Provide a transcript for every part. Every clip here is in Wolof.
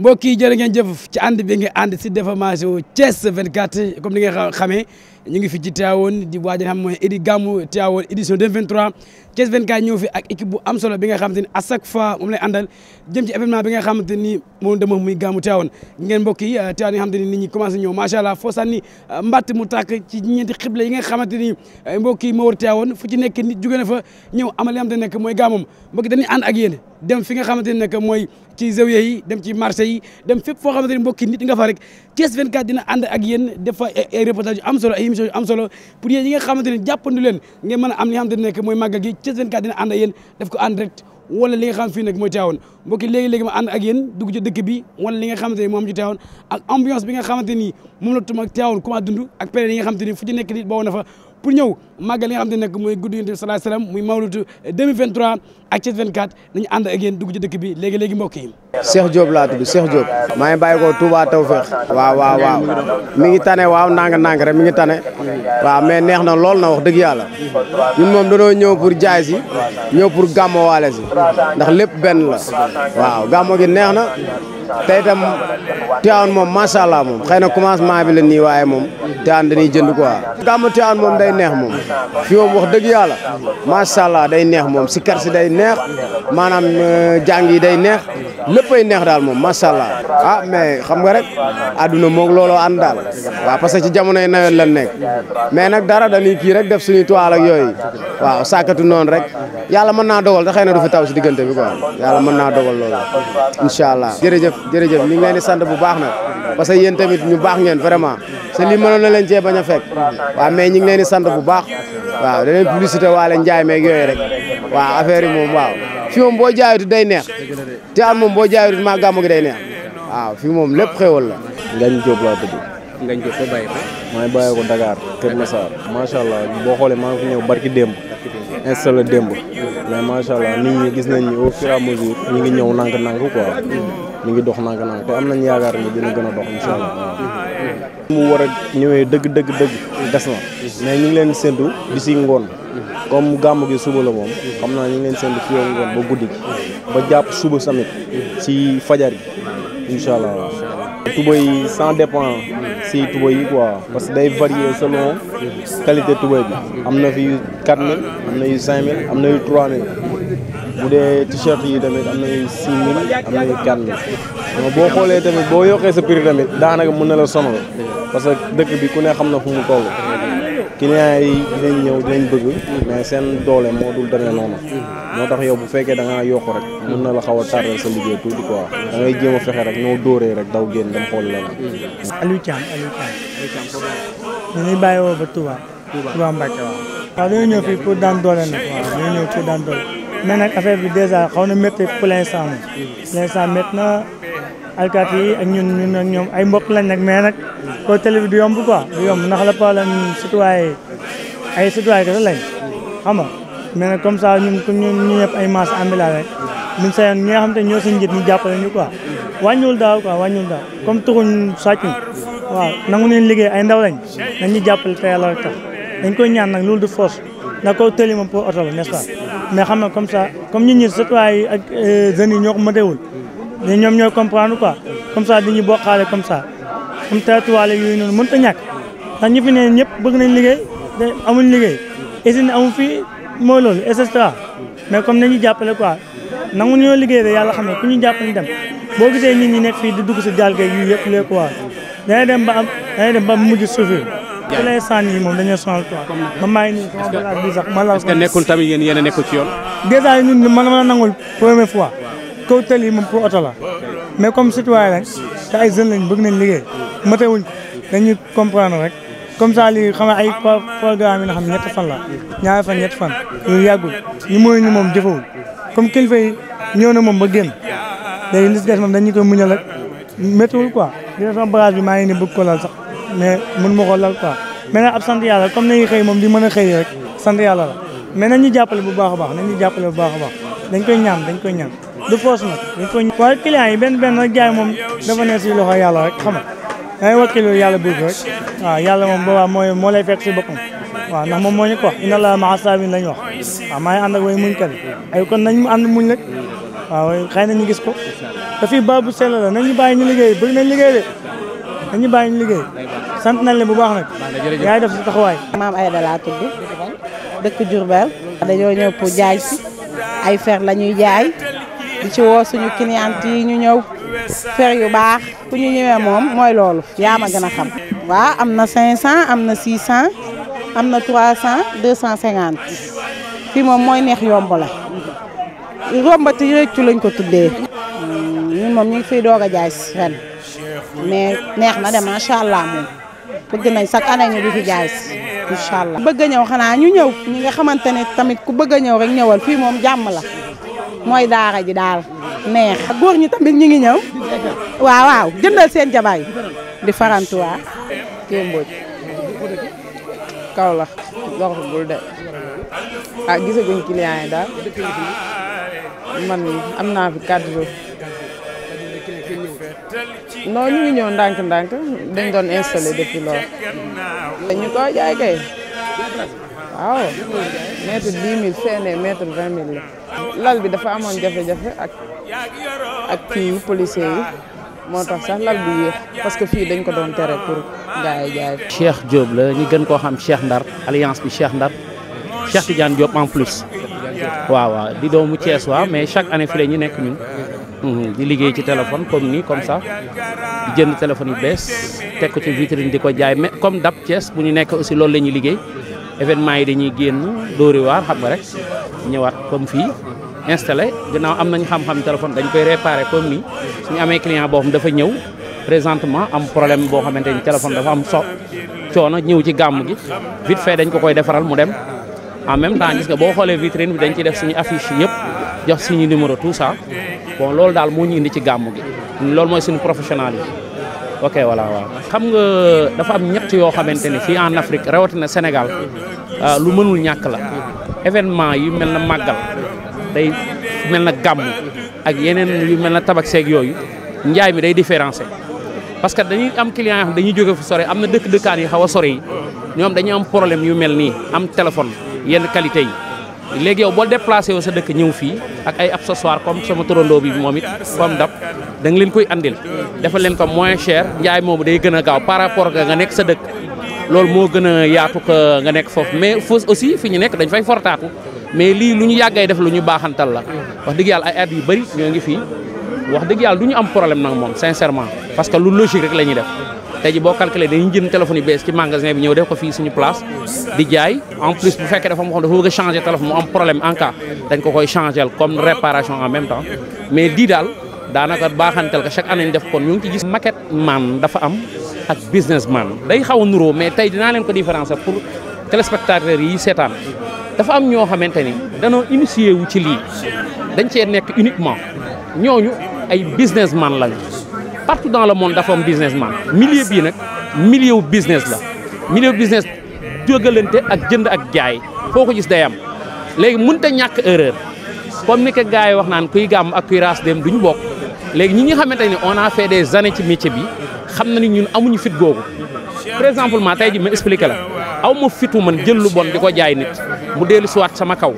mbokk yi jërë ngeen jëf ci ànd bi nga ànd si Déformation Thiès 24 comme ni nga xamee ñu ngi fi ci Tivaouane di waajal xam mooy édi gàmmu Tivaouane édition 2023 Thiès 24 ñëw fi ak équipe bu am solo bi nga xamante ni à chaque fois moom lay àndal jëm ci événement bi nga xamante ni moom dama muy gàmmu Tivaouane ngeen mbokk yi euh, Tivaouane yi nga xamante ni nit ñi commencé euh, ni euh, mbokk yi moo war Tivaouane fu nekk nit jóge na fa ñëw amal li nga xamante ne nekk mooy gàmmam mbokk dañuy ànd ak yéen dem fi nga xamante nekk mooy ci zawiya yi dem ci marché dem fépp foo xamante ni nit nga fa rek Thiès 24 dina ànd information am solo pour yéen yi nga xamante ne jàppandu leen ngeen mën a am li nga xamante ne nekk mooy màggal gi Thiès 24 dina ànd ak yéen def ko en direct wala li nga xam fii nag mooy teewoon mbokki ma ànd ak yéen dugg ci dëkk bi wala li nga xamante ni moom ci teewoon ak ambiance bi nga xamante ni moom la tuma teewoon comment dund ak période yi nga xamante ni fu ci nekk nit boo na fa pour ñëw màggal li nga xam ne nag mooy guddi Yonent bi sallallahu alayhi wa sallam muy mawlutu 2023 ak 24 nañu ànd ak yéen dugg ci dëkk bi léegi léegi mbokk yi. Cheikh Diop laa tudd Cheikh Diop. maa ngi bàyyi ko Touba Tawféex. waaw waaw waaw mi ngi tane waaw nang nang mi ngi tane. waaw mais neex na lool na wax dëgg yàlla. ñun moom dañoo ñëw pour jaay si. ñëw pour gàmmo waale si. ndax lépp benn la. waaw gàmmo gi neex na. te itam moom macha allah moom xëy na commencement bi la nii waaye moom Tivaouane dañuy jënd quoi. gàmmu Tivaouane moom day neex moom. fi moom wax dëgg yàlla macha allah day neex moom si kar si day neex maanaam euh, jàng yi day neex léppay neex daal moom macha allah ah mais xam nga rek àdduna moog looloo ànd daal waaw parce que ci jamonoy nawet lan nekk mais nag dara dañuy kii rek def suñu toile ak yooyu waaw sàkkatu noonu rek yàlla mën naa dogal te xëy na du taw si diggante bi quoi yàlla mën naa dogal loolu incha allah. jërëjëf jërëjëf ñu ngi leen di sant bu baax nag parce que yéen tamit ñu baax ngeen vraiment te na leen cee bañ a fekk waaw mais ñu ngi leen di sant bu baax waaw da leen publicité waale njaay meeg yooyu rek waaw affaire yi moom waaw. fi moom boo jaayut day neex te an moom boo jaayut maa gàmmu gi day neex waaw fi moom lépp xéewal la Ngagne Diop laa tudd Ngagne Diop ko bàyyi ko maa ngi bàyyi ko Dakar Kër Massar macha allah boo xoolee maa ngi ñëw barki démb installé démb mais macha allah nit gis nañ ni au fur et à mesure ñu ngi ñëw nank nànk quoi mu ngi dox nanga nanga te am nañ yaakaar ne dina gën a dox incha allah waaw mu war a ñëwee dëgg dëgg dëgg des na mais ñu leen séntu bi si ngoon comme gàmm gi suba la moom xam naa ñu ngi leen séntu fii ngoon ba guddi gi ba jàpp suba samit si fajar gi incha allah tuba yi ça dépend si tuba yi quoi parce que day varier selon qualité tuba bi am na fi yu 4000 am na yu 5000 am na yu 3000 bu dee t-shirt yi tamit am na yu 6000 am na yu 4000 mais boo xoolee tamit boo yokkee sa prix tamit daanaka mën na la sonal parce que dëkk bi ku ne xam na fu mu toll clients yi dinañ ñëw dinañ bëgg mais seen doole moo dul demee noonu moo tax yow bu fekkee da ngaa yokk rek mën na la xaw a tardal sa liggéey tuuti quoi a ngay jéem a fexe rek noo dóoree rek daw génn dem xool leneen Aliou Thiam Aliou Thiam dañuy bàyyi woo ba Touba Touba Mbacke waaw waaw dañoo ñëw fii pour daan doole nag waaw dañoo ñëw pour daan doole mais nag affaire xaw na métti pour l'instant moom na alkaati yi ak ñun ñun ak ñoom ay mbokk lañ nag mais nag koo télé bi du yomb quoi du yomb ndax la problème citoyen ay citoyen kese lañ xam nga mais nag comme ça ñun comme ñun ñu ñëpp ay masse ambulants rek ñun sayoon ñi nga xam te ñoo suñu njiit ñu jàppale ñu quoi wàññul daaw quoi wàññul daaw comme tuxuñ sàccuñ waaw nangu neen liggéey ay ndaw lañ nañ ñu jàppale te yàlla tax ñaan nag loolu du force ndax koo télé pour oto la n'est-ce pas mais xam nga comme ça comme euh, ñoo ko mënewul mais ñoom ñoo comprendre quoi comme ça dañuy bokkaale comme ça comme teetuwaale yooyu noonu mënut a ñàkk ndax ñi fi ñëpp bëgg nañ liggéey te amuñ liggéey usine amu fi mooy loolu et cetera mais comme nañu jàppale quoi nangu ñoo liggéey de yàlla xam ne ku ñu jàppale dem boo gisee nit ñi nekk fii di dugg si gaal gi yu yëpp lee quoi dañuy dem ba am dañuy dem ba mujj suufir yi moom dañoo sonal quoi ma ngi nii sama bagage bi sax ma lal ko est-ce que nekkul tamit yéen yéen a nekkul ci yoon dèjà ñun man ma nangul fois kaw tali yi moom pour oto la mais comme citoyen lañ te ay jeunes lañ bëgg nañ liggéey matewuñ ko dañuy comprendre rek comme ça lii xam ay programme yi nga xam ñett fan la ñaari fan ñett fan loolu yàggul ñu mooy ñu moom jëfewul comme kilifa yi ñëw na moom ba génn léegi li si des moom dañu koy muñal ak méttiwul quoi li def sama bagage bi maa ngi ne bëgg ko laal sax mais mën ma ko lal quoi mais nag ab sant yàlla comme nañu xëy moom di mën a xëy rek sant yàlla la mais nañu jàppale bu baax a baax nañu jàppale bu baax a baax dañ koy ñaan dañ koy ñaan du poos nag dañ ko waaye client yi benn benn rek jaay moom dafa ne si loxo yàlla rek xam nga dangay wakkilu yàlla buur rek waaw yàlla moom boobaa mooy moo lay fekk si boppam waaw nax moom moo ñu ko wax inna laa maa saabiriin lañ wax waaw maa ngi ànd muñ kat ay kon nañ mu ànd muñ rek waaw xëy na ñu gis ko te fii ba bu sell la nañu bàyyi ñu liggéey bëgg nañ liggéey de nañu bàyyi liggéey sant nañ leen bu baax nag yaay def sa taxawaay maam ay da laa tudd dëkk Diourbel dañoo ñëw pour jaay ay fer la ñuy jaay di ci woo suñu client yi ñu ñëw fer yu baax ku ñu ñëwee moom mooy loolu yaa ma gën a xam waaw am na 500 am na 600 am na 300 250 fii moom mooy neex yomb la yombati rëccu lañ ko tuddee hmm, ñun moom ñu ngi fiy doog a jaay ren mais neex na de macha allah moom bëgg nañ chaque année ñu di fi jaay si incha allah. bëgg a ñëw xanaa ñu ñëw ñi nga xamante ne tamit ku bëgg a ñëw rek ñëwal fii moom jàmm la. mooy daara ji daal neex. góor ñi tamit ñu ngi ñëw waaw waaw jëndal seen jabar di farantuwaa kémbooj kaw la wax bul de ah gisaguñ client yi daal man am naa fi 4 jours non ñu ngi ñëw ndànk-ndànk dañ doon installé depuis lool. ñu ko jaay waaw mètre dix mille seenee mètre vingt mille la. lal bi dafa amoon jafe-jafe ak ak kii policiers moo tax sax lal bi yéex parce que fii dañ ko doon tere pour gaay jaay. Cheikh Diop la ñu gën koo xam Cheikh Ndar alliance bi Cheikh Ndar Cheikh Tidiane Diop en plus. waaw waaw di doomu cees waa mais chaque année fi ñu nekk ñun. Mhm, di liggéey ci téléphone comme nii comme sax di jënd téléphone yu bees teg ko ci vitrine ko jaay mais comme dab Thiès bu ñu nekk aussi loolu la ñuy liggéey. événement yi dañuy génn dóori waar xam nga rek ñëwaat comme fii installé gannaaw am nañ xam-xam téléphone dañ koy réparé comme nii suñu amee client boo dafa ñëw présentement am problème boo xamante ni téléphone dafa am so coono ñëw ci gàmm gi vite fait dañ ko koy defaral mu dem en même temps gis nga boo xoolee vitrine bi dañ ci def suñu affiche yëpp jox suñu numéro tout ça bon loolu daal moo ñu indi ci gàmm gi loolu mooy suñu professionnel yi ok voilà waaw xam nga dafa am ñett yoo xamante ne fii en Afrique rawatina Sénégal ah, lu mënul ñàkk la événement yu mel na màggal day mel na gàmm ak yeneen yu mel na tabak seeg yooyu njaay mi day différencé parce que dañuy am client yoo xam jóge fu sore am na dëkk dëkkaan yi xaw a sore yi ñoom dañuy am problème yu mel nii am téléphone yenn qualité yi léegi yow boo déplacé wu sa dëkk ñëw fii ak ay accessoires comme sama torondoo bi moom it comme dab da leen koy andil defal leen ko moins cher njaay moomu day gën a gaaw par rapport ak nga nekk sa dëkk loolu moo gën a yaatu ko nga nekk foofu mais foofu aussi fi ñu nekk dañ fay fortaatu mais lii lu ñu yàggay def lu ñu baaxantal la wax dëgg yàlla ay at yu bëri ñoo ngi fii wax dëgg yàlla du ñu am problème nag moom sincèrement parce que lu logique rek la ñuy def tey ji boo calculé dañuy jënd téléphone yu bees ci magasin bi ñëw def ko fii suñu place di jaay en plus bu fekkee dafa am xam dafa bëgg a changé téléphone mu am problème en cas dañ ko koy changé comme réparation en même temps mais di daal daanaka baaxantel ko chaque année ñu def kon ñu ngi ci gis maquette man dafa am ak business man day xaw a nuroo mais tey dinaa leen ko différencier pour téléspectateurs yi seetaan dafa am ñoo xamante ni danoo initié wu ci lii dañ cee nekk uniquement ñooñu ay businessman lañu partout dans le monde dafa am businessman milieu bii nag milieu wu business la milieu business jógalante ak jënd ak jaay kooku ko gis day am léegi mënut a ñàkk erreur comme ni ko gars yi wax naan kuy gàmm ak kuy raas dem duñu bokk léegi ñi nga xamante ne on a des années ci métier bi xam na ni ñun amuñu fit googu par exemple ma tey ji ma expliqué la aw ma fitu man jël lu bon di ko jaay nit mu dellu siwaat sama kaw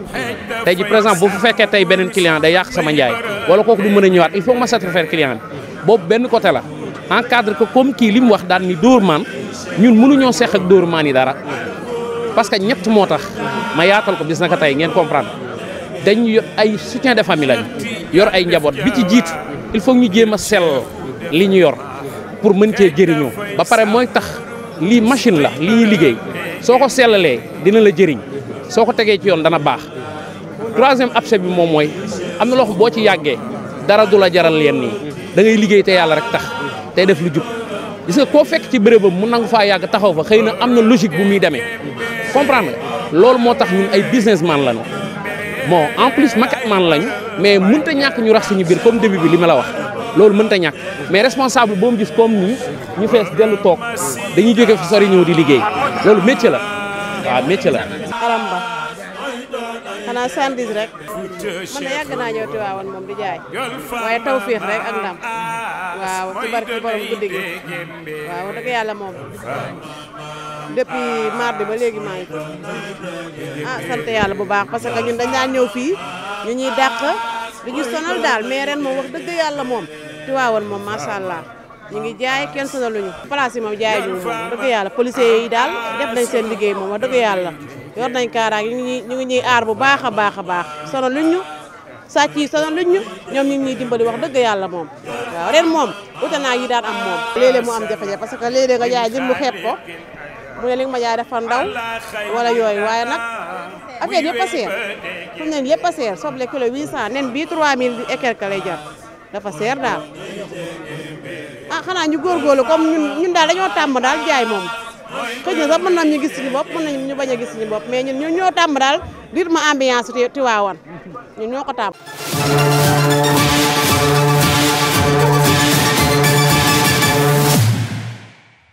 tey ji par exemple bu fekkee tey beneen client day yàq sama njaay a ñëwaat il faut ma satisfaire client boobu benn côté la encadre ko comme kii li mu wax daan ni dóor maan ñun mënuñoo seq ak dóor maan dara parce que ñett moo tax ma yaatal ko bis naka tey ngeen comprendre dañ yor ay soutien de famille lañ yor ay njaboot bi ci jiitu il faut ñu jéem a sell li ñu yor pour mën cee jëriñoo ba pare mooy tax lii machine la li ñuy liggéey soo ko sellalee dina la jëriñ soo ko tegee ci yoon dana baax troisième abcès bi moom mooy am na loo boo ci yàggee dara du la jaral leen nii da ngay liggéey te yàlla rek tax tey def lu jub gis nga fekk ci bërëbam mu nangu faa yàgg taxaw fa xëy na am na logique bu muy demee comprendre loolu moo tax ñun ay businessman lañu bon en plus marketman lañu mais mënta ñàkk ñu rax suñu biir comme début bi li ma la wax loolu mënta ñàkk mais responsable boo mu gis comme nii ñu fees dellu toog dañuy jóge fi sori ñëw di liggéey loolu métier la waaw métier la. xanaa sandis rek man na yàgg naa ñëw Tiwaawan moom di jaay waaye taw féex rek ak ndam waaw ci barki borom guddi gi waaw dëgg yàlla moom depuis mardi ba léegi maa ngi ko ah yàlla bu baax parce que ñun dañ daan ñëw fii ñu ñuy dàq du ñu sonal daal mais ren moom wax dëgg yàlla moom Tiwaawan moom macha allah. ñu ngi jaay kenn sonaluñu place yi moom jaay ñu moom dëgg yàlla policiers yi daal def nañ seen liggéey moom wax dëgg yàlla yor nañ kaaraange ñu ñuy aar bu baax a baax a baax sonal luñu ñu sàcc yi sonal luñ ñu ñoom ñu ñuy dimbali wax dëgg yàlla moom waaw ren moom ute naa yi daan am moom léeg-léeg mu am jafe-jafe parce que léeg-léeg nga jaay jëmmu xeeb ko mu ne li nga ma jaay dafa ndaw wala yooyu waaye nag affaire yëpp a seer fu ne lépp a seer soble kilo 800 nen bii 3000 et quelque lay jar dafa seer daal a ah xanaa ñu góorgóorlu comme ñun ñun daal dañoo tàmm daal jaay moom xëy na sax mën nañ ñu gis suñu bopp mën nañ ñu bañ a gis suñu bopp mais ñun ñoo ñoo tàmm daal rythme ambiance Tivaouane ñun ñoo ko tàmm